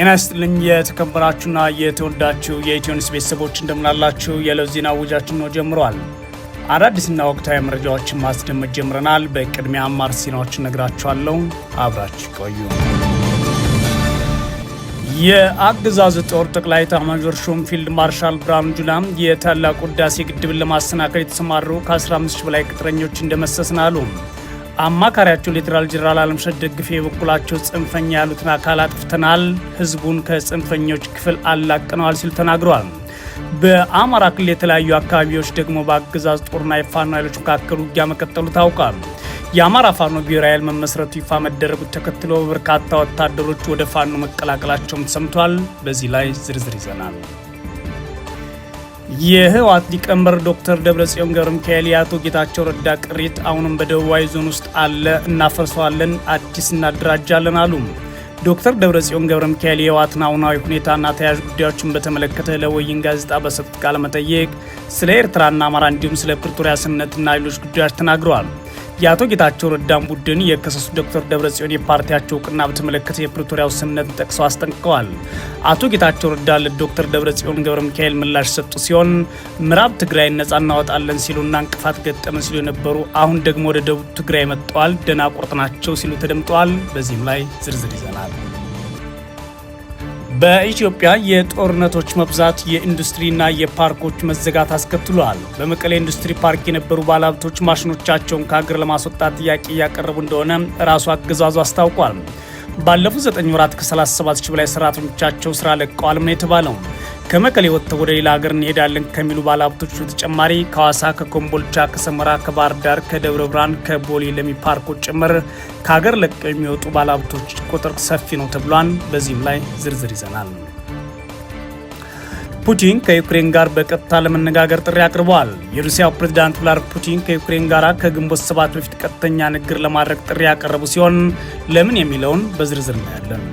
ጤና ይስጥልኝ የተከበራችሁና የተወዳችሁ የኢትዮኒስ ቤተሰቦች እንደምናላችሁ። የዕለት ዜና ውጃችን ነው ጀምረዋል። አዳዲስና ወቅታዊ መረጃዎችን ማስደመጥ ጀምረናል። በቅድሚያ አማር ዜናዎችን ነግራችኋለሁ። አብራችሁ ቆዩ። የአገዛዙ ጦር ጠቅላይ ኤታማዦር ሹም ፊልድ ማርሻል ብርሃኑ ጁላ የታላቁ ህዳሴ ግድብን ለማሰናከል የተሰማሩ ከ15 በላይ ቅጥረኞች እንደመሰስን አሉ። አማካሪያቸው ሌተናል ጄኔራል አለምሸት ደግፌ የበኩላቸው ጽንፈኛ ያሉትን አካል አጥፍተናል፣ ህዝቡን ከጽንፈኞች ክፍል አላቅነዋል ሲሉ ተናግረዋል። በአማራ ክልል የተለያዩ አካባቢዎች ደግሞ በአገዛዝ ጦርና የፋኖ ኃይሎች መካከል ውጊያ መቀጠሉ ታውቋል። የአማራ ፋኖ ብሔራዊ ኃይል መመስረቱ ይፋ መደረጉት ተከትሎ በርካታ ወታደሮች ወደ ፋኖ መቀላቀላቸውም ተሰምቷል። በዚህ ላይ ዝርዝር ይዘናል። የህወሓት ሊቀመንበር ዶክተር ደብረጽዮን ገብረ ሚካኤል የአቶ ጌታቸው ረዳ ቅሪት አሁንም በደቡባዊ ዞን ውስጥ አለ፣ እናፈርሰዋለን፣ አዲስ እናደራጃለን አሉ። ዶክተር ደብረጽዮን ገብረ ሚካኤል የህወሓትን አሁናዊ ሁኔታና ተያያዥ ጉዳዮችን በተመለከተ ለወይን ጋዜጣ በሰጡት ቃለ መጠይቅ ስለ ኤርትራና አማራ እንዲሁም ስለ ፕሪቶሪያ ስምምነትና ሌሎች ጉዳዮች ተናግረዋል። የአቶ ጌታቸው ረዳን ቡድን የከሰሱ ዶክተር ደብረጽዮን የፓርቲያቸው እውቅና በተመለከተ የፕሪቶሪያው ስምምነትን ጠቅሰው አስጠንቅቀዋል። አቶ ጌታቸው ረዳ ለዶክተር ደብረጽዮን ገብረ ሚካኤል ምላሽ ሰጡ ሲሆን ምዕራብ ትግራይ ነጻ እናወጣለን ሲሉና እንቅፋት ገጠመን ሲሉ የነበሩ አሁን ደግሞ ወደ ደቡብ ትግራይ መጥተዋል፣ ደናቁርት ናቸው ሲሉ ተደምጠዋል። በዚህም ላይ ዝርዝር ይዘናል። በኢትዮጵያ የጦርነቶች መብዛት የኢንዱስትሪና የፓርኮች መዘጋት አስከትሏል። በመቀሌ ኢንዱስትሪ ፓርክ የነበሩ ባለሀብቶች ማሽኖቻቸውን ከሀገር ለማስወጣት ጥያቄ እያቀረቡ እንደሆነ ራሱ አገዛዙ አስታውቋል። ባለፉት 9 ወራት ከ37 ሺህ በላይ ሰራተኞቻቸው ስራ ለቀዋል ነው የተባለው። ከመቀሌ ወጥተው ወደ ሌላ ሀገር እንሄዳለን ከሚሉ ባለሀብቶች በተጨማሪ ከሐዋሳ፣ ከኮምቦልቻ፣ ከሰመራ፣ ከባህር ዳር፣ ከደብረ ብርሃን፣ ከቦሌ ለሚ ፓርኮች ጭምር ከሀገር ለቀው የሚወጡ ባለሀብቶች ቁጥር ሰፊ ነው ተብሏል። በዚህም ላይ ዝርዝር ይዘናል። ፑቲን ከዩክሬን ጋር በቀጥታ ለመነጋገር ጥሪ አቅርበዋል። የሩሲያው ፕሬዝዳንት ቭላድሚር ፑቲን ከዩክሬን ጋር ከግንቦት ሰባት በፊት ቀጥተኛ ንግግር ለማድረግ ጥሪ ያቀረቡ ሲሆን ለምን የሚለውን በዝርዝር እናያለን።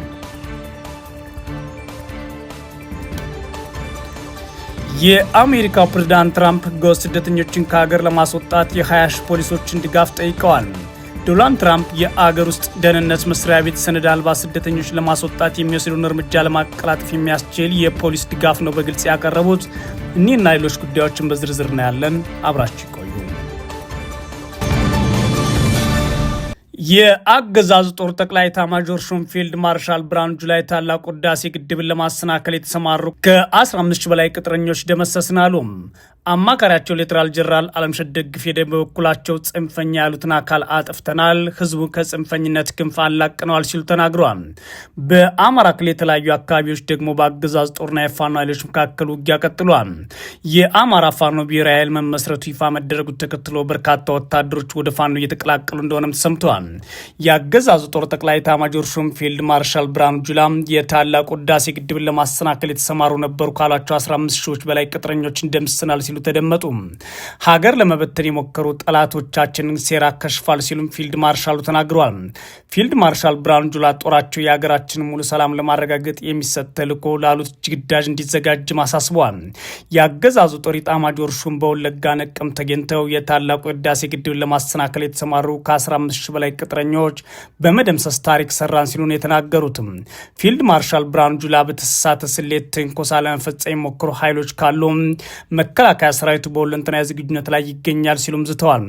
የአሜሪካ ፕሬዝዳንት ትራምፕ ህገወጥ ስደተኞችን ከሀገር ለማስወጣት የ20 ሺህ ፖሊሶችን ድጋፍ ጠይቀዋል። ዶናልድ ትራምፕ የአገር ውስጥ ደህንነት መስሪያ ቤት ሰነድ አልባ ስደተኞች ለማስወጣት የሚወስዱን እርምጃ ለማቀላጠፍ የሚያስችል የፖሊስ ድጋፍ ነው በግልጽ ያቀረቡት። እኒህና ሌሎች ጉዳዮችን በዝርዝር እናያለን። አብራችሁ የአገዛዝ ጦር ጠቅላይ ኤታማዦር ሹም ፊልድ ማርሻል ብርሃኑ ጁላ ታላቁ ህዳሴ ግድብን ለማሰናከል የተሰማሩ ከ15 በላይ ቅጥረኞች ደመሰስን አሉ። አማካሪያቸው ሌተናል ጀነራል አለምሸት ደግፌ በበኩላቸው ጽንፈኛ ያሉትን አካል አጥፍተናል፣ ህዝቡን ከጽንፈኝነት ክንፍ አላቅነዋል ሲሉ ተናግረዋል። በአማራ ክልል የተለያዩ አካባቢዎች ደግሞ በአገዛዝ ጦርና የፋኖ ኃይሎች መካከል ውጊያ ቀጥሏል። የአማራ ፋኖ ብሔራዊ ኃይል መመስረቱ ይፋ መደረጉን ተከትሎ በርካታ ወታደሮች ወደ ፋኖ እየተቀላቀሉ እንደሆነም ተሰምተዋል። የአገዛዙ ጦር ጠቅላይ ኤታማዦር ሹም ፊልድ ማርሻል ብርሃኑ ጁላ የታላቁ ህዳሴ ግድብን ለማሰናከል የተሰማሩ ነበሩ ካሏቸው 15 ሺዎች በላይ ቅጥረኞች እንደምስናል ሲሉ ሲሉ ተደመጡ። ሀገር ለመበተን የሞከሩ ጠላቶቻችንን ሴራ ከሽፏል ሲሉም ፊልድ ማርሻሉ ተናግረዋል። ፊልድ ማርሻል ብርሃኑ ጁላ ጦራቸው የሀገራችንን ሙሉ ሰላም ለማረጋገጥ የሚሰጥ ተልዕኮ ላሉት ግዳጅ እንዲዘጋጅም አሳስበዋል። የአገዛዙ ጦር ኢታማዦር ሹም በወለጋ ነቀም ተገኝተው የታላቁ ህዳሴ ግድብን ለማሰናከል የተሰማሩ ከ15 ሺህ በላይ ቅጥረኞች በመደምሰስ ታሪክ ሰራን ሲሉ ነው የተናገሩትም። ፊልድ ማርሻል ብርሃኑ ጁላ በተሳሳተ ስሌት ትንኮሳ ለመፈጸም የሞከሩ ኃይሎች ካሉ መከላከያ መከላከያ ሰራዊቱ በሁለንተናዊ ዝግጁነት ላይ ይገኛል ሲሉም ዝተዋል።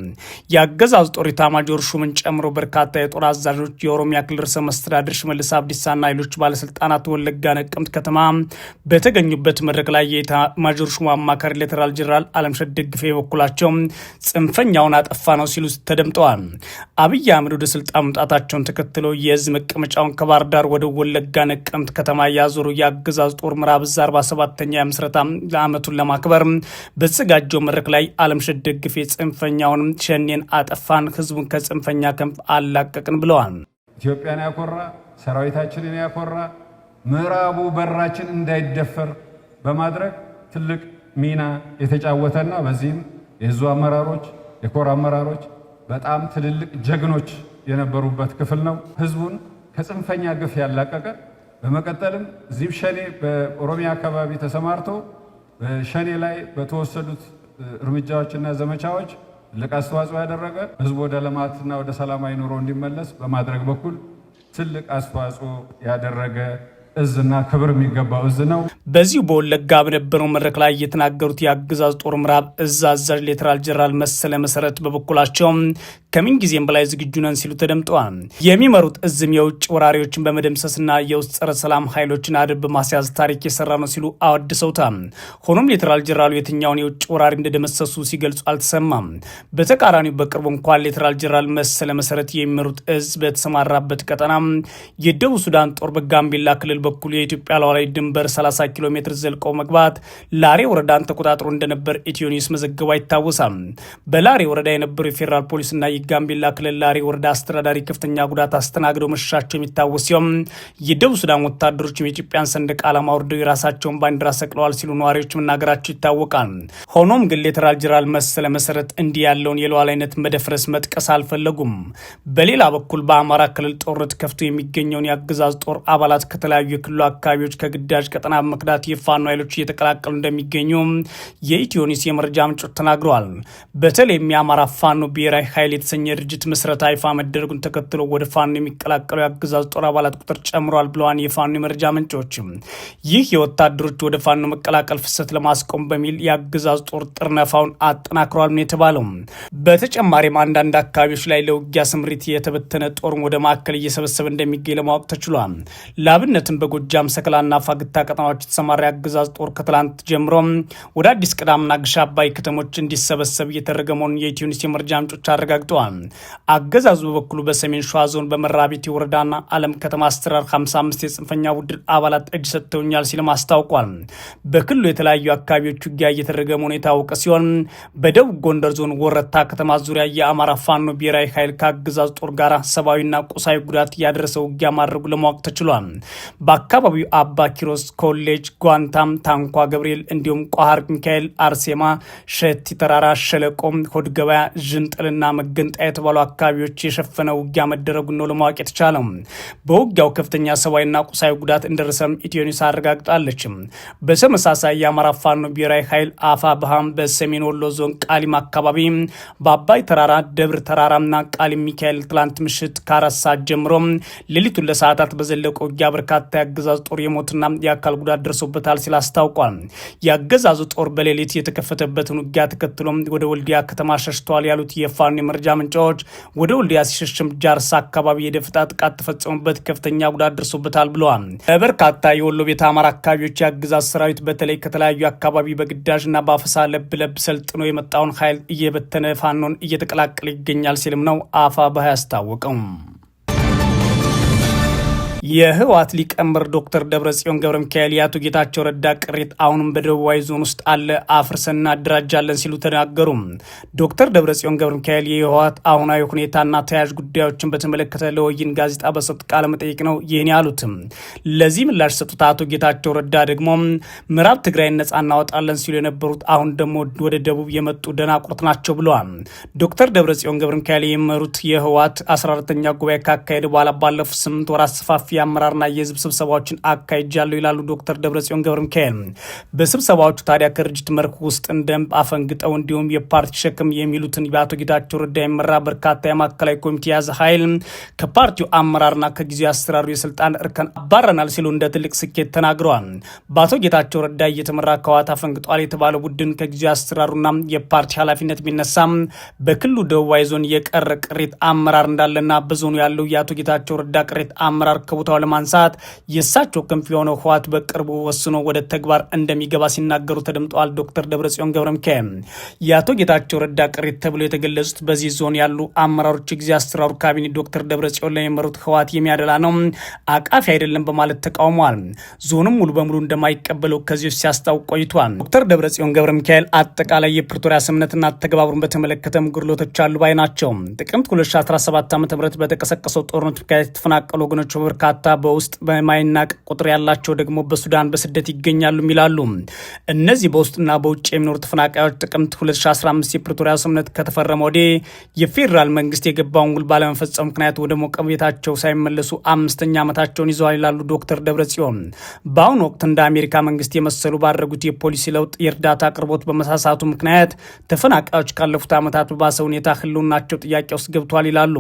የአገዛዝ ጦር ኤታማዦር ሹምን ጨምሮ በርካታ የጦር አዛዦች፣ የኦሮሚያ ክልል ርዕሰ መስተዳድር ሽመልስ አብዲሳና ሌሎች ባለስልጣናት ወለጋ ነቀምት ከተማ በተገኙበት መድረክ ላይ የኤታማዦር ሹሙ አማካሪ ሌተናል ጄኔራል አለምሸት ደግፌ በበኩላቸው ጽንፈኛውን አጠፋ ነው ሲሉ ተደምጠዋል። አብይ አህመድ ወደ ስልጣን መምጣታቸውን ተከትሎ የህዝብ መቀመጫውን ከባህር ዳር ወደ ወለጋ ነቀምት ከተማ ያዞሩ የአገዛዝ ጦር ምዕራብ ዕዝ 47ኛ ምስረታ ዓመቱን ለማክበር በተዘጋጀው መድረክ ላይ አለምሸት ደግፌ ጽንፈኛውንም ሸኔን አጠፋን፣ ህዝቡን ከጽንፈኛ ክንፍ አላቀቅን ብለዋል። ኢትዮጵያን ያኮራ ሰራዊታችንን ያኮራ ምዕራቡ በራችን እንዳይደፈር በማድረግ ትልቅ ሚና የተጫወተና በዚህም የህዙ አመራሮች የኮር አመራሮች በጣም ትልልቅ ጀግኖች የነበሩበት ክፍል ነው። ህዝቡን ከጽንፈኛ ግፍ ያላቀቀ በመቀጠልም ዚብ ሸኔ በኦሮሚያ አካባቢ ተሰማርቶ በሸኔ ላይ በተወሰዱት እርምጃዎችና ዘመቻዎች ትልቅ አስተዋጽኦ ያደረገ ህዝቡ ወደ ልማትና ወደ ሰላማዊ ኑሮ እንዲመለስ በማድረግ በኩል ትልቅ አስተዋጽኦ ያደረገ እዝና ክብር የሚገባው እዝ ነው። በዚሁ በወለጋ በነበረው መድረክ ላይ የተናገሩት የአገዛዝ ጦር ምዕራብ እዝ አዛዥ ሌተናል ጀነራል መሰለ መሰረት በበኩላቸው ከምን ጊዜም በላይ ዝግጁ ነን ሲሉ ተደምጠዋል። የሚመሩት እዝም የውጭ ወራሪዎችን በመደምሰስና የውስጥ ጸረ ሰላም ኃይሎችን አድብ በማስያዝ ታሪክ የሰራ ነው ሲሉ አወድሰውታል። ሆኖም ሌተናል ጀነራሉ የትኛውን የውጭ ወራሪ እንደደመሰሱ ሲገልጹ አልተሰማም። በተቃራኒው በቅርቡ እንኳን ሌተናል ጀነራል መሰለ መሰረት የሚመሩት እዝ በተሰማራበት ቀጠና የደቡብ ሱዳን ጦር በጋምቤላ ክልል በኩል የኢትዮጵያ ሉዓላዊ ድንበር 30 ኪሎ ሜትር ዘልቆ መግባት ላሬ ወረዳን ተቆጣጥሮ እንደነበር ኢትዮኒስ መዘገቡ አይታወሳም። በላሬ ወረዳ የነበረው የፌዴራል ፖሊስና የጋምቤላ ክልል ላሬ ወረዳ አስተዳዳሪ ከፍተኛ ጉዳት አስተናግደው መሸሻቸው የሚታወስ ሲሆን የደቡብ ሱዳን ወታደሮችም የኢትዮጵያን ሰንደቅ ዓላማ ወርደው የራሳቸውን ባንዲራ ሰቅለዋል ሲሉ ነዋሪዎች መናገራቸው ይታወቃል። ሆኖም ግን ሌተናል ጄኔራል መሰለ መሰረት እንዲህ ያለውን የሉዓላዊነት መደፍረስ መጥቀስ አልፈለጉም። በሌላ በኩል በአማራ ክልል ጦርነት ከፍቶ የሚገኘውን የአገዛዝ ጦር አባላት ከተለያዩ የክልሉ አካባቢዎች ከግዳጅ ቀጠና በመክዳት የፋኖ ኃይሎች እየተቀላቀሉ እንደሚገኙ የኢትዮኒስ የመረጃ ምንጮች ተናግረዋል። በተለይም የአማራ ፋኖ ብሔራዊ ኃይል የተሰኘ ድርጅት ምስረታ ይፋ መደረጉን ተከትሎ ወደ ፋኖ የሚቀላቀሉ የአገዛዙ ጦር አባላት ቁጥር ጨምሯል ብለዋል የፋኖ የመረጃ ምንጮች። ይህ የወታደሮች ወደ ፋኖ መቀላቀል ፍሰት ለማስቆም በሚል የአገዛዙ ጦር ጥርነፋውን አጠናክሯል ነው የተባለው። በተጨማሪም አንዳንድ አካባቢዎች ላይ ለውጊያ ስምሪት የተበተነ ጦርን ወደ ማዕከል እየሰበሰበ እንደሚገኝ ለማወቅ ተችሏል። ለአብነትም በጎጃም ሰክላና ፋግታ ቀጠናዎች የተሰማራ አገዛዝ ጦር ከትላንት ጀምሮ ወደ አዲስ ቅዳምና ግሻ አባይ ከተሞች እንዲሰበሰብ እየተደረገ መሆኑን የኢትዮ የመረጃ ምንጮች አረጋግጠዋል። አገዛዙ በበኩሉ በሰሜን ሸዋ ዞን በመራቤቴ ወረዳና አለም ከተማ አስተራር 55 የጽንፈኛ ቡድን አባላት እጅ ሰጥተውኛል ሲልም አስታውቋል። በክልሉ የተለያዩ አካባቢዎች ውጊያ እየተደረገ መሆኑ የታወቀ ሲሆን በደቡብ ጎንደር ዞን ወረታ ከተማ ዙሪያ የአማራ ፋኖ ብሔራዊ ኃይል ከአገዛዝ ጦር ጋር ሰብአዊና ቁሳዊ ጉዳት ያደረሰው ውጊያ ማድረጉ ለማወቅ ተችሏል። በአካባቢው አባ ኪሮስ ኮሌጅ፣ ጓንታም፣ ታንኳ ገብርኤል እንዲሁም ቋሃር ሚካኤል፣ አርሴማ፣ ሸቲ ተራራ፣ ሸለቆም፣ ሆድ ገበያ፣ ዥንጥልና መገንጣያ የተባሉ አካባቢዎች የሸፈነ ውጊያ መደረጉን ነው ለማወቅ የተቻለው። በውጊያው ከፍተኛ ሰብአዊና ቁሳዊ ጉዳት እንደደረሰም ኢትዮኒስ አረጋግጣለች። በተመሳሳይ የአማራ ፋኖ ብሔራዊ ኃይል አፋ ብሃም በሰሜን ወሎ ዞን ቃሊም አካባቢ በአባይ ተራራ ደብረ ተራራና ቃሊም ሚካኤል ትላንት ምሽት ከአራት ሰዓት ጀምሮ ሌሊቱን ለሰዓታት በዘለቀ ውጊያ በርካታ የአገዛዙ ጦር የሞትና የአካል ጉዳት ደርሶበታል ሲል አስታውቋል። የአገዛዙ ጦር በሌሊት የተከፈተበትን ውጊያ ተከትሎም ወደ ወልዲያ ከተማ ሸሽተዋል ያሉት የፋኖ የመረጃ ምንጫዎች ወደ ወልዲያ ሲሸሽም ጃርሳ አካባቢ የደፈጣ ጥቃት ተፈጸሙበት ከፍተኛ ጉዳት ደርሶበታል ብለዋል። በበርካታ የወሎ ቤተ አማራ አካባቢዎች የአገዛዝ ሰራዊት በተለይ ከተለያዩ አካባቢ በግዳጅና በአፈሳ ለብ ለብ ሰልጥኖ የመጣውን ኃይል እየበተነ ፋኖን እየተቀላቀለ ይገኛል ሲልም ነው አፋ ባህ ያስታወቀው። የህወሓት ሊቀመንበር ዶክተር ደብረጽዮን ገብረ ሚካኤል የአቶ ጌታቸው ረዳ ቅሬት አሁንም በደቡባዊ ዞን ውስጥ አለ፣ አፍርሰን እናደራጃለን ሲሉ ተናገሩ። ዶክተር ደብረጽዮን ገብረ ሚካኤል የህወሓት አሁናዊ ሁኔታና ተያያዥ ጉዳዮችን በተመለከተ ለወይን ጋዜጣ በሰጡት ቃለ መጠይቅ ነው ይህን ያሉት። ለዚህ ምላሽ ሰጡት አቶ ጌታቸው ረዳ ደግሞ ምዕራብ ትግራይን ነጻ እናወጣለን ሲሉ የነበሩት አሁን ደግሞ ወደ ደቡብ የመጡ ደናቁርት ናቸው ብለዋል። ዶክተር ደብረጽዮን ገብረ ሚካኤል የመሩት የህወሓት 14 ተኛ ጉባኤ ካካሄደ በኋላ ባለፉት ስምንት ወራት ሰፋፊ የአመራርና የህዝብ ስብሰባዎችን አካሂጃለሁ ይላሉ ዶክተር ደብረጽዮን ገብረ ሚካኤል። በስብሰባዎቹ ታዲያ ከድርጅት መርህ ውስጥ እንደንብ አፈንግጠው እንዲሁም የፓርቲ ሸክም የሚሉትን በአቶ ጌታቸው ረዳ የመራ በርካታ የማዕከላዊ ኮሚቴ የያዘ ኃይል ከፓርቲው አመራርና ከጊዜ አሰራሩ የስልጣን እርከን አባረናል ሲሉ እንደ ትልቅ ስኬት ተናግረዋል። በአቶ ጌታቸው ረዳ እየተመራ ከዋት አፈንግጧል የተባለው ቡድን ከጊዜ አሰራሩና የፓርቲ ኃላፊነት ቢነሳ በክልሉ ደቡባዊ ዞን የቀረ ቅሬት አመራር እንዳለና በዞኑ ያለው የአቶ ጌታቸው ረዳ ቅሬት አመራር ከቡ ከቦታው ለማንሳት የእሳቸው ክንፍ የሆነው ህወሓት በቅርቡ ወስኖ ወደ ተግባር እንደሚገባ ሲናገሩ ተደምጠዋል። ዶክተር ደብረጽዮን ገብረ ሚካኤል የአቶ ጌታቸው ረዳ ቅሪት ተብሎ የተገለጹት በዚህ ዞን ያሉ አመራሮች ጊዜ አሰራሩ ካቢኔ ዶክተር ደብረጽዮን ለሚመሩት ህወሓት የሚያደላ ነው፣ አቃፊ አይደለም በማለት ተቃውሟል። ዞኑም ሙሉ በሙሉ እንደማይቀበለው ከዚህ ሲያስታውቅ ቆይቷል። ዶክተር ደብረጽዮን ገብረ ሚካኤል አጠቃላይ የፕሪቶሪያ ስምምነትና ተግባሩን በተመለከተም ጉድለቶች አሉ ባይ ናቸው። ጥቅምት 2017 ዓ ም በተቀሰቀሰው ጦርነት ምክንያት የተፈናቀሉ ወገኖች በበርካታ በርካታ በውስጥ በማይናቅ ቁጥር ያላቸው ደግሞ በሱዳን በስደት ይገኛሉ ይላሉ። እነዚህ በውስጥና በውጭ የሚኖሩ ተፈናቃዮች ጥቅምት 2015 የፕሪቶሪያ ስምምነት ከተፈረመ ወዲህ የፌዴራል መንግስት የገባውን ውል ባለመፈጸሙ ምክንያት ወደ ሞቀ ቤታቸው ሳይመለሱ አምስተኛ ዓመታቸውን ይዘዋል ይላሉ ዶክተር ደብረጽዮን። በአሁኑ ወቅት እንደ አሜሪካ መንግስት የመሰሉ ባደረጉት የፖሊሲ ለውጥ የእርዳታ አቅርቦት በመሳሳቱ ምክንያት ተፈናቃዮች ካለፉት ዓመታት በባሰ ሁኔታ ህልውናቸው ጥያቄ ውስጥ ገብቷል ይላሉ።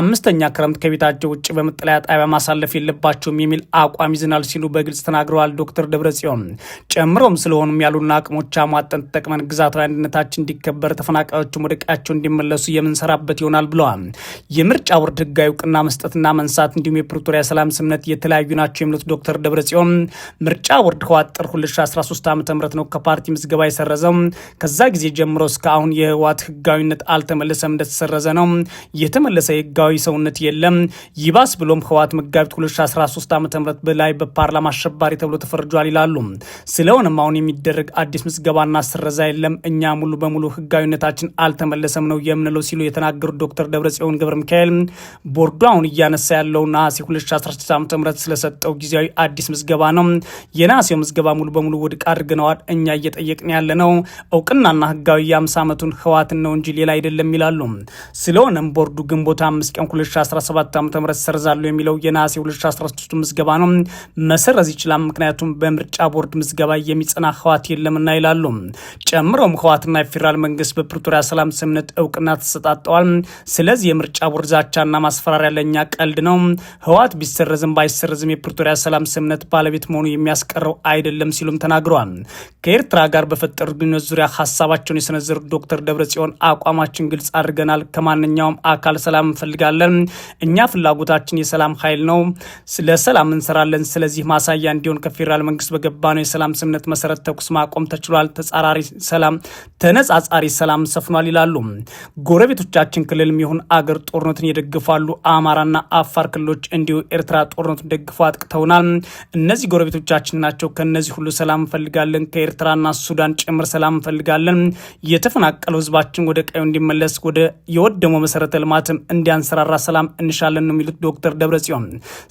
አምስተኛ ክረምት ከቤታቸው ውጭ በመጠለያ ጣቢያ ማሳለ ማሳለፍ የለባቸውም የሚል አቋም ይዘናል ሲሉ በግልጽ ተናግረዋል ዶክተር ደብረጽዮን። ጨምሮም ስለሆኑም ያሉና አቅሞች አሟጠን ተጠቅመን ግዛታዊ አንድነታችን እንዲከበር ተፈናቃዮችም ወደ ቀያቸው እንዲመለሱ የምንሰራበት ይሆናል ብለዋል። የምርጫ ቦርድ ህጋዊ እውቅና መስጠትና መንሳት እንዲሁም የፕሪቶሪያ ሰላም ስምነት የተለያዩ ናቸው የሚሉት ዶክተር ደብረጽዮን ምርጫ ቦርድ ህወሓት ጥር 2013 ዓ ም ነው ከፓርቲ ምዝገባ የሰረዘው። ከዛ ጊዜ ጀምሮ እስከ አሁን የህወሓት ህጋዊነት አልተመለሰም፣ እንደተሰረዘ ነው። የተመለሰ የህጋዊ ሰውነት የለም። ይባስ ብሎም ህወሓት መጋ መጋቢት 2013 ዓ ም በላይ በፓርላማ አሸባሪ ተብሎ ተፈርጇል ይላሉ። ስለሆነም አሁን የሚደረግ አዲስ ምዝገባና ስረዛ የለም፣ እኛ ሙሉ በሙሉ ህጋዊነታችን አልተመለሰም ነው የምንለው ሲሉ የተናገሩት ዶክተር ደብረጽዮን ገብረ ሚካኤል ቦርዱ አሁን እያነሳ ያለው ነሐሴ 2016 ዓ ም ስለሰጠው ጊዜያዊ አዲስ ምዝገባ ነው። የነሐሴው ምዝገባ ሙሉ በሙሉ ውድቅ አድርገነዋል። እኛ እየጠየቅን ያለ ነው እውቅናና ህጋዊ የ50 ዓመቱን ህዋትን ነው እንጂ ሌላ አይደለም ይላሉ። ስለሆነም ቦርዱ ግንቦት አምስት ቀን 2017 ዓ ም ሰርዛሉ የሚለው የና ዲሞክራሲ 2013 ምዝገባ ነው መሰረዝ ይችላል። ምክንያቱም በምርጫ ቦርድ ምዝገባ የሚጸና ህዋት የለምና ይላሉ። ጨምረውም ህዋትና የፌዴራል መንግስት በፕሪቶሪያ ሰላም ስምምነት እውቅና ተሰጣጠዋል። ስለዚህ የምርጫ ቦርድ ዛቻና ማስፈራሪያ ለእኛ ቀልድ ነው። ህዋት ቢሰረዝም ባይሰረዝም የፕሪቶሪያ ሰላም ስምምነት ባለቤት መሆኑ የሚያስቀረው አይደለም ሲሉም ተናግረዋል። ከኤርትራ ጋር በፈጠሩት ግንኙነት ዙሪያ ሀሳባቸውን የሰነዘሩት ዶክተር ደብረጽዮን አቋማችን ግልጽ አድርገናል። ከማንኛውም አካል ሰላም እንፈልጋለን። እኛ ፍላጎታችን የሰላም ኃይል ነው። ለሰላም እንሰራለን። ስለዚህ ማሳያ እንዲሆን ከፌዴራል መንግስት በገባነው የሰላም ስምምነት መሰረት ተኩስ ማቆም ተችሏል። ተጻራሪ ሰላም፣ ተነጻጻሪ ሰላም ሰፍኗል ይላሉ። ጎረቤቶቻችን ክልልም ይሁን አገር ጦርነትን ይደግፋሉ። አማራና አፋር ክልሎች እንዲሁ ኤርትራ ጦርነቱን ደግፈው አጥቅተውናል። እነዚህ ጎረቤቶቻችን ናቸው። ከነዚህ ሁሉ ሰላም እንፈልጋለን። ከኤርትራና ሱዳን ጭምር ሰላም እንፈልጋለን። የተፈናቀለው ህዝባችን ወደ ቀዩ እንዲመለስ፣ ወደ የወደመው መሰረተ ልማትም እንዲያንሰራራ ሰላም እንሻለን ነው የሚሉት ዶክተር ደብረጽዮን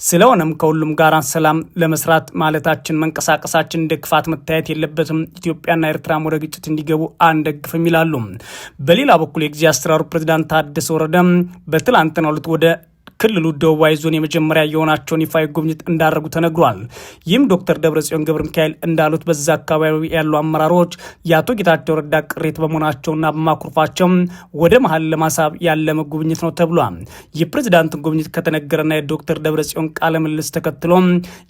ስለሆነም ከሁሉም ጋር ሰላም ለመስራት ማለታችን መንቀሳቀሳችን እንደ ክፋት መታየት የለበትም። ኢትዮጵያና ኤርትራም ወደ ግጭት እንዲገቡ አንደግፍም ይላሉ። በሌላ በኩል የጊዜ አስተዳደሩ ፕሬዚዳንት ታደሰ ወረደ በትላንትናው ዕለት ወደ ክልሉ ደቡባዊ ዞን የመጀመሪያ የሆናቸውን ይፋዊ ጉብኝት እንዳደረጉ ተነግሯል። ይህም ዶክተር ደብረጽዮን ገብረ ሚካኤል እንዳሉት በዛ አካባቢ ያሉ አመራሮች የአቶ ጌታቸው ረዳ ቅሬት በመሆናቸውና በማኩርፋቸው ወደ መሀል ለማሳብ ያለመ ጉብኝት ነው ተብሏል። የፕሬዚዳንትን ጉብኝት ከተነገረና የዶክተር ደብረጽዮን ቃለ ምልልስ ተከትሎ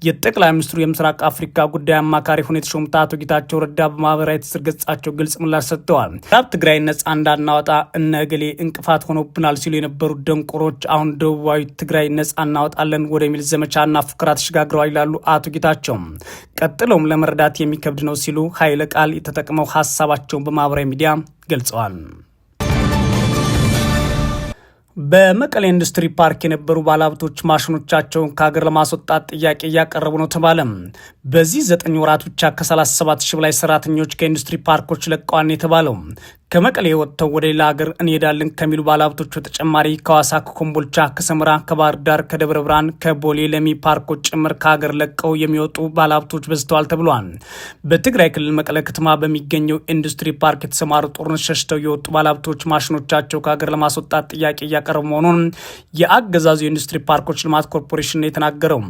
የጠቅላይ ሚኒስትሩ የምስራቅ አፍሪካ ጉዳይ አማካሪ ሆነው የተሾሙት አቶ ጌታቸው ረዳ በማህበራዊ ትስስር ገጻቸው ግልጽ ምላሽ ሰጥተዋል። ምዕራብ ትግራይ ነጻ እንዳናወጣ እነ እገሌ እንቅፋት ሆኖብናል ሲሉ የነበሩት ደንቆሮች አሁን ደቡባዊ ሰራዊት ትግራይ ነፃ እናወጣለን ወደሚል ዘመቻና ፉከራ ተሸጋግረዋል ይላሉ አቶ ጌታቸው። ቀጥለውም ለመረዳት የሚከብድ ነው ሲሉ ኃይለ ቃል የተጠቅመው ሀሳባቸውን በማህበራዊ ሚዲያ ገልጸዋል። በመቀሌ ኢንዱስትሪ ፓርክ የነበሩ ባለሀብቶች ማሽኖቻቸውን ከሀገር ለማስወጣት ጥያቄ እያቀረቡ ነው ተባለ። በዚህ ዘጠኝ ወራት ብቻ ከ37 ሺህ በላይ ሰራተኞች ከኢንዱስትሪ ፓርኮች ለቀዋል የተባለው ከመቀሌ ወጥተው ወደ ሌላ ሀገር እንሄዳለን ከሚሉ ባለሀብቶች በተጨማሪ ከዋሳ ከኮምቦልቻ፣ ከሰመራ፣ ከባህር ዳር፣ ከደብረ ብርሃን፣ ከቦሌ ለሚ ፓርኮች ጭምር ከሀገር ለቀው የሚወጡ ባለሀብቶች በዝተዋል ተብሏል። በትግራይ ክልል መቀለ ከተማ በሚገኘው ኢንዱስትሪ ፓርክ የተሰማሩ ጦርነት ሸሽተው የወጡ ባለሀብቶች ማሽኖቻቸው ከሀገር ለማስወጣት ጥያቄ የሚያቀርብ መሆኑን የአገዛዙ የኢንዱስትሪ ፓርኮች ልማት ኮርፖሬሽን የተናገረው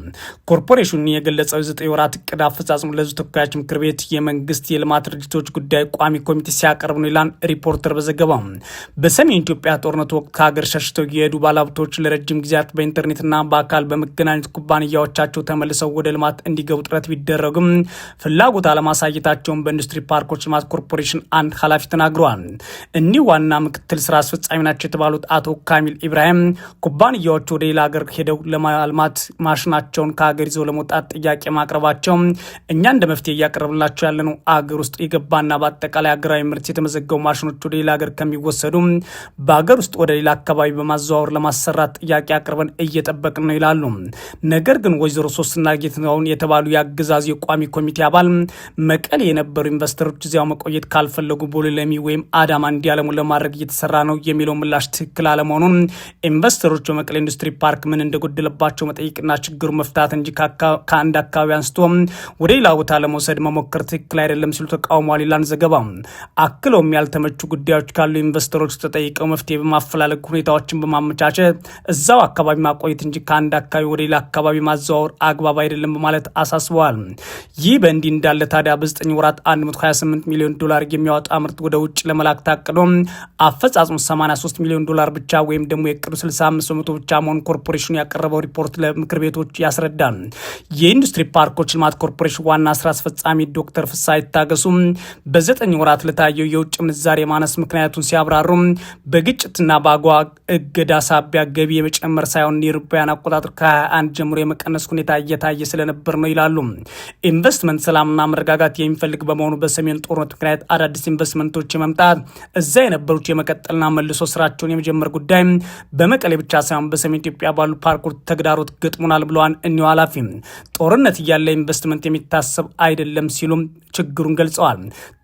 ኮርፖሬሽኑ የገለጸው የዘጠኝ ወራት እቅድ አፈጻጽሙ ለህዝብ ተወካዮች ምክር ቤት የመንግስት የልማት ድርጅቶች ጉዳይ ቋሚ ኮሚቴ ሲያቀርብ ነው ይላል ሪፖርተር በዘገባው። በሰሜን ኢትዮጵያ ጦርነት ወቅት ከሀገር ሸሽተው የሄዱ ባለሀብቶች ለረጅም ጊዜያት በኢንተርኔትና በአካል በመገናኘት ኩባንያዎቻቸው ተመልሰው ወደ ልማት እንዲገቡ ጥረት ቢደረግም ፍላጎት አለማሳየታቸውን በኢንዱስትሪ ፓርኮች ልማት ኮርፖሬሽን አንድ ኃላፊ ተናግረዋል። እኒህ ዋና ምክትል ስራ አስፈጻሚ ናቸው የተባሉት አቶ ካ ካሚል ኢብራሂም ኩባንያዎች ወደ ሌላ ሀገር ሄደው ለማልማት ማሽናቸውን ከሀገር ይዘው ለመውጣት ጥያቄ ማቅረባቸው እኛ እንደ መፍትሄ እያቀረብላቸው ያለ ነው። አገር ውስጥ የገባና በአጠቃላይ ሀገራዊ ምርት የተመዘገቡ ማሽኖች ወደ ሌላ ሀገር ከሚወሰዱ በሀገር ውስጥ ወደ ሌላ አካባቢ በማዘዋወር ለማሰራት ጥያቄ አቅርበን እየጠበቅን ነው ይላሉ። ነገር ግን ወይዘሮ ሶስትና ጌትነውን የተባሉ የአገዛዝ የቋሚ ኮሚቴ አባል መቀሌ የነበሩ ኢንቨስተሮች እዚያው መቆየት ካልፈለጉ ቦሌ ለሚ ወይም አዳማ እንዲያለሙ ለማድረግ እየተሰራ ነው የሚለው ምላሽ ትክክል አለመሆኑን ሆኖም ኢንቨስተሮች በመቀሌ ኢንዱስትሪ ፓርክ ምን እንደጎደለባቸው መጠየቅና ችግሩ መፍታት እንጂ ከአንድ አካባቢ አንስቶ ወደ ሌላ ቦታ ለመውሰድ መሞከር ትክክል አይደለም ሲሉ ተቃውሟል ይላል ዘገባ። አክለውም ያልተመቹ ጉዳዮች ካሉ ኢንቨስተሮች ተጠይቀው መፍትሄ በማፈላለግ ሁኔታዎችን በማመቻቸት እዛው አካባቢ ማቆየት እንጂ ከአንድ አካባቢ ወደ ሌላ አካባቢ ማዘዋወር አግባብ አይደለም በማለት አሳስበዋል። ይህ በእንዲህ እንዳለ ታዲያ በዘጠኝ ወራት 128 ሚሊዮን ዶላር የሚያወጣ ምርት ወደ ውጭ ለመላክ ታቅዶ አፈጻጽሙ 83 ሚሊዮን ዶላር ብቻ ወይም ወይም ደግሞ የቅዱ 65 በመቶ ብቻ መሆን ኮርፖሬሽኑ ያቀረበው ሪፖርት ለምክር ቤቶች ያስረዳል። የኢንዱስትሪ ፓርኮች ልማት ኮርፖሬሽን ዋና ስራ አስፈጻሚ ዶክተር ፍሳ ይታገሱም በዘጠኝ ወራት ለታየው የውጭ ምንዛሬ ማነስ ምክንያቱን ሲያብራሩ በግጭትና በአጓ እገዳ ሳቢያ ገቢ የመጨመር ሳይሆን የአውሮፓውያን አቆጣጠር ከ21 ጀምሮ የመቀነስ ሁኔታ እየታየ ስለነበር ነው ይላሉ። ኢንቨስትመንት ሰላምና መረጋጋት የሚፈልግ በመሆኑ በሰሜን ጦርነት ምክንያት አዳዲስ ኢንቨስትመንቶች የመምጣት እዛ የነበሩት የመቀጠልና መልሶ ስራቸውን የመጀመር ጉዳይ በመቀሌ ብቻ ሳይሆን በሰሜን ኢትዮጵያ ባሉ ፓርኮች ተግዳሮት ገጥሞናል ብለዋል። እኒው ኃላፊ ጦርነት እያለ ኢንቨስትመንት የሚታሰብ አይደለም ሲሉም ችግሩን ገልጸዋል።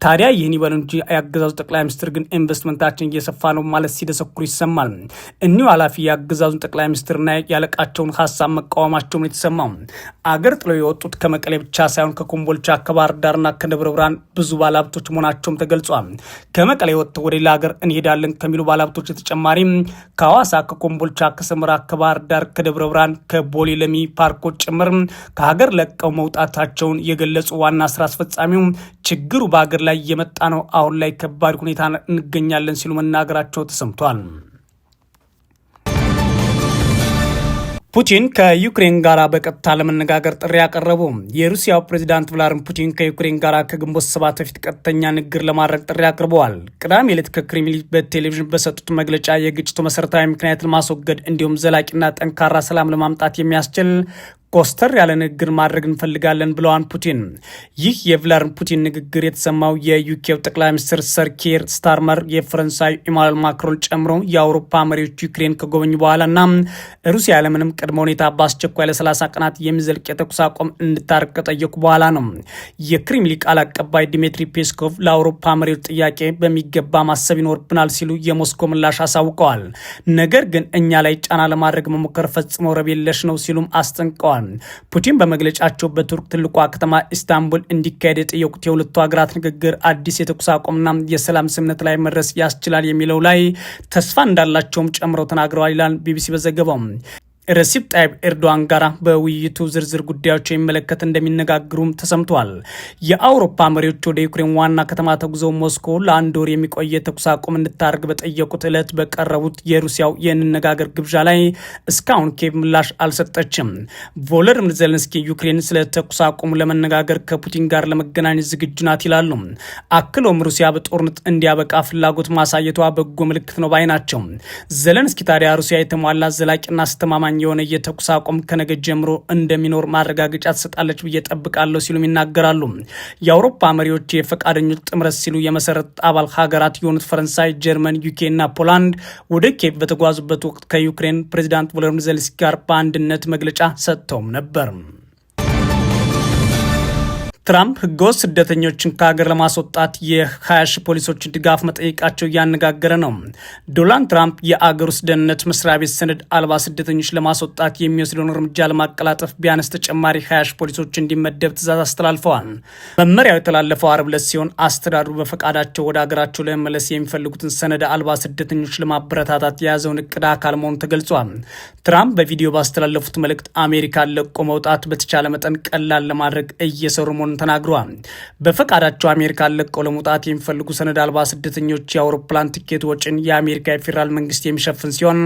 ታዲያ ይህን ይበሉ እንጂ የአገዛዙ ጠቅላይ ሚኒስትር ግን ኢንቨስትመንታችን እየሰፋ ነው ማለት ሲደሰኩር ይሰማል። እኒሁ ኃላፊ የአገዛዙን ጠቅላይ ሚኒስትርና ያለቃቸውን ሀሳብ መቃወማቸውን የተሰማው አገር ጥለው የወጡት ከመቀሌ ብቻ ሳይሆን ከኮምቦልቻ፣ ከባህር ዳርና ከደብረ ብርሃን ብዙ ባለሀብቶች መሆናቸውም ተገልጿል። ከመቀሌ ወጥተው ወደ ሌላ ሀገር እንሄዳለን ከሚሉ ባለሀብቶች ተጨማሪ። ከሐዋሳ፣ ከኮምቦልቻ፣ ከሰመራ፣ ከባህር ዳር፣ ከደብረ ብርሃን፣ ከቦሌ ለሚ ፓርኮች ጭምር ከሀገር ለቀው መውጣታቸውን የገለጹ ዋና ስራ አስፈጻሚው ችግሩ በሀገር ላይ የመጣ ነው፣ አሁን ላይ ከባድ ሁኔታ እንገኛለን ሲሉ መናገራቸው ተሰምቷል። ፑቲን ከዩክሬን ጋር በቀጥታ ለመነጋገር ጥሪ ያቀረቡ። የሩሲያው ፕሬዚዳንት ቭላድሚር ፑቲን ከዩክሬን ጋር ከግንቦት ሰባት በፊት ቀጥተኛ ንግግር ለማድረግ ጥሪ አቅርበዋል። ቅዳሜ ዕለት ከክሬምሊን በቴሌቪዥን በሰጡት መግለጫ የግጭቱ መሰረታዊ ምክንያት ማስወገድ እንዲሁም ዘላቂና ጠንካራ ሰላም ለማምጣት የሚያስችል ኮስተር ያለ ንግግር ማድረግ እንፈልጋለን ብለዋን ፑቲን። ይህ የቭላድሚር ፑቲን ንግግር የተሰማው የዩኬው ጠቅላይ ሚኒስትር ሰር ኬር ስታርመር የፈረንሳዩ ኢማኑኤል ማክሮን ጨምሮ የአውሮፓ መሪዎች ዩክሬን ከጎበኙ በኋላና ሩሲያ ያለምንም ቅድመ ሁኔታ በአስቸኳይ ለ30 ቀናት የሚዘልቅ የተኩስ አቁም እንድታርቅ ከጠየቁ በኋላ ነው። የክሬምሊን ቃል አቀባይ ዲሚትሪ ፔስኮቭ ለአውሮፓ መሪዎች ጥያቄ በሚገባ ማሰብ ይኖርብናል ሲሉ የሞስኮ ምላሽ አሳውቀዋል። ነገር ግን እኛ ላይ ጫና ለማድረግ መሞከር ፈጽሞ ረብ የለሽ ነው ሲሉም አስጠንቅቀዋል። ተናግረዋል። ፑቲን በመግለጫቸው በቱርክ ትልቋ ከተማ ኢስታንቡል እንዲካሄድ የጠየቁት የሁለቱ ሀገራት ንግግር አዲስ የተኩስ አቁምና የሰላም ስምነት ላይ መድረስ ያስችላል የሚለው ላይ ተስፋ እንዳላቸውም ጨምረው ተናግረዋል ይላል ቢቢሲ በዘገባው። ረሲፕ ጣይብ ኤርዶዋን ጋር በውይይቱ ዝርዝር ጉዳዮች የሚመለከት እንደሚነጋግሩም ተሰምቷል። የአውሮፓ መሪዎች ወደ ዩክሬን ዋና ከተማ ተጉዘው ሞስኮ ለአንድ ወር የሚቆየ ተኩስ አቁም እንድታደርግ በጠየቁት ዕለት በቀረቡት የሩሲያው የንነጋገር ግብዣ ላይ እስካሁን ኬቭ ምላሽ አልሰጠችም። ቮሎድሚር ዜሌንስኪ ዩክሬን ስለ ተኩስ አቁሙ ለመነጋገር ከፑቲን ጋር ለመገናኘት ዝግጁ ናት ይላሉ። አክሎም ሩሲያ በጦርነት እንዲያበቃ ፍላጎት ማሳየቷ በጎ ምልክት ነው ባይ ናቸው። ዜሌንስኪ ታዲያ ሩሲያ የተሟላ ዘላቂና አስተማማኝ የሆነ የተኩስ አቁም ከነገ ጀምሮ እንደሚኖር ማረጋገጫ ትሰጣለች ብዬ ጠብቃለሁ ሲሉም ይናገራሉ። የአውሮፓ መሪዎች የፈቃደኞች ጥምረት ሲሉ የመሰረት አባል ሀገራት የሆኑት ፈረንሳይ፣ ጀርመን፣ ዩኬ እና ፖላንድ ወደ ኬቭ በተጓዙበት ወቅት ከዩክሬን ፕሬዚዳንት ቮሎዲሚር ዘሌንስኪ ጋር በአንድነት መግለጫ ሰጥተውም ነበር። ትራምፕ ህገወጥ ስደተኞችን ከሀገር ለማስወጣት የ20 ሺህ ፖሊሶችን ድጋፍ መጠየቃቸው እያነጋገረ ነው። ዶናልድ ትራምፕ የአገር ውስጥ ደህንነት መስሪያ ቤት ሰነድ አልባ ስደተኞች ለማስወጣት የሚወስደውን እርምጃ ለማቀላጠፍ ቢያንስ ተጨማሪ 20 ሺህ ፖሊሶች እንዲመደብ ትእዛዝ አስተላልፈዋል። መመሪያው የተላለፈው አርብ ዕለት ሲሆን አስተዳድሩ በፈቃዳቸው ወደ ሀገራቸው ለመመለስ የሚፈልጉትን ሰነድ አልባ ስደተኞች ለማበረታታት የያዘውን እቅድ አካል መሆኑ ተገልጿል። ትራምፕ በቪዲዮ ባስተላለፉት መልእክት አሜሪካን ለቆ መውጣት በተቻለ መጠን ቀላል ለማድረግ እየሰሩ መሆኑን መሆኑን ተናግረዋል። በፈቃዳቸው አሜሪካን ለቀው ለመውጣት የሚፈልጉ ሰነድ አልባ ስደተኞች የአውሮፕላን ትኬት ወጪን የአሜሪካ የፌዴራል መንግስት የሚሸፍን ሲሆን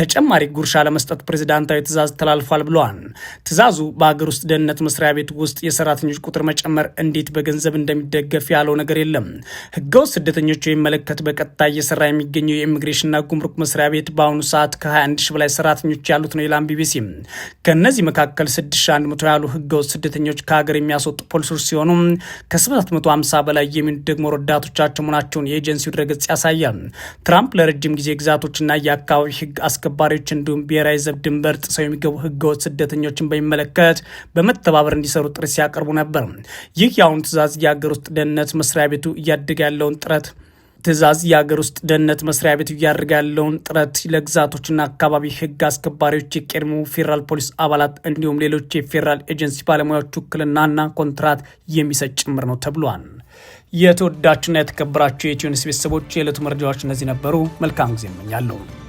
ተጨማሪ ጉርሻ ለመስጠት ፕሬዚዳንታዊ ትእዛዝ ተላልፏል ብለዋል። ትእዛዙ በሀገር ውስጥ ደህንነት መስሪያ ቤት ውስጥ የሰራተኞች ቁጥር መጨመር እንዴት በገንዘብ እንደሚደገፍ ያለው ነገር የለም። ህገወጥ ስደተኞች የሚመለከት በቀጥታ እየሰራ የሚገኘው የኢሚግሬሽንና ጉምሩክ መስሪያ ቤት በአሁኑ ሰዓት ከ21 ሺህ በላይ ሰራተኞች ያሉት ነው ይላል ቢቢሲ። ከእነዚህ መካከል 6100 ያሉ ህገወጥ ስደተኞች ከሀገር የሚያስወጡ ፖሊሶች ቁስሎች ሲሆኑ ከ750 በላይ የሚሆኑት ደግሞ ረዳቶቻቸው መሆናቸውን የኤጀንሲው ድረገጽ ያሳያል። ትራምፕ ለረጅም ጊዜ ግዛቶችና የአካባቢ ህግ አስከባሪዎች እንዲሁም ብሔራዊ ዘብ ድንበር ጥሰው የሚገቡ ህገወጥ ስደተኞችን በሚመለከት በመተባበር እንዲሰሩ ጥሪ ሲያቀርቡ ነበር። ይህ የአሁኑ ትእዛዝ የሀገር ውስጥ ደህንነት መስሪያ ቤቱ እያደገ ያለውን ጥረት ትእዛዝ የአገር ውስጥ ደህንነት መስሪያ ቤት እያደረገ ያለውን ጥረት ለግዛቶችና አካባቢ ህግ አስከባሪዎች የቀድሞ ፌዴራል ፖሊስ አባላት እንዲሁም ሌሎች የፌዴራል ኤጀንሲ ባለሙያዎች ውክልናና ኮንትራት የሚሰጥ ጭምር ነው ተብሏል። የተወዳችሁና የተከበራችሁ የኢትዮ ኒውስ ቤተሰቦች የዕለቱ መረጃዎች እነዚህ ነበሩ። መልካም ጊዜ እመኛለሁ።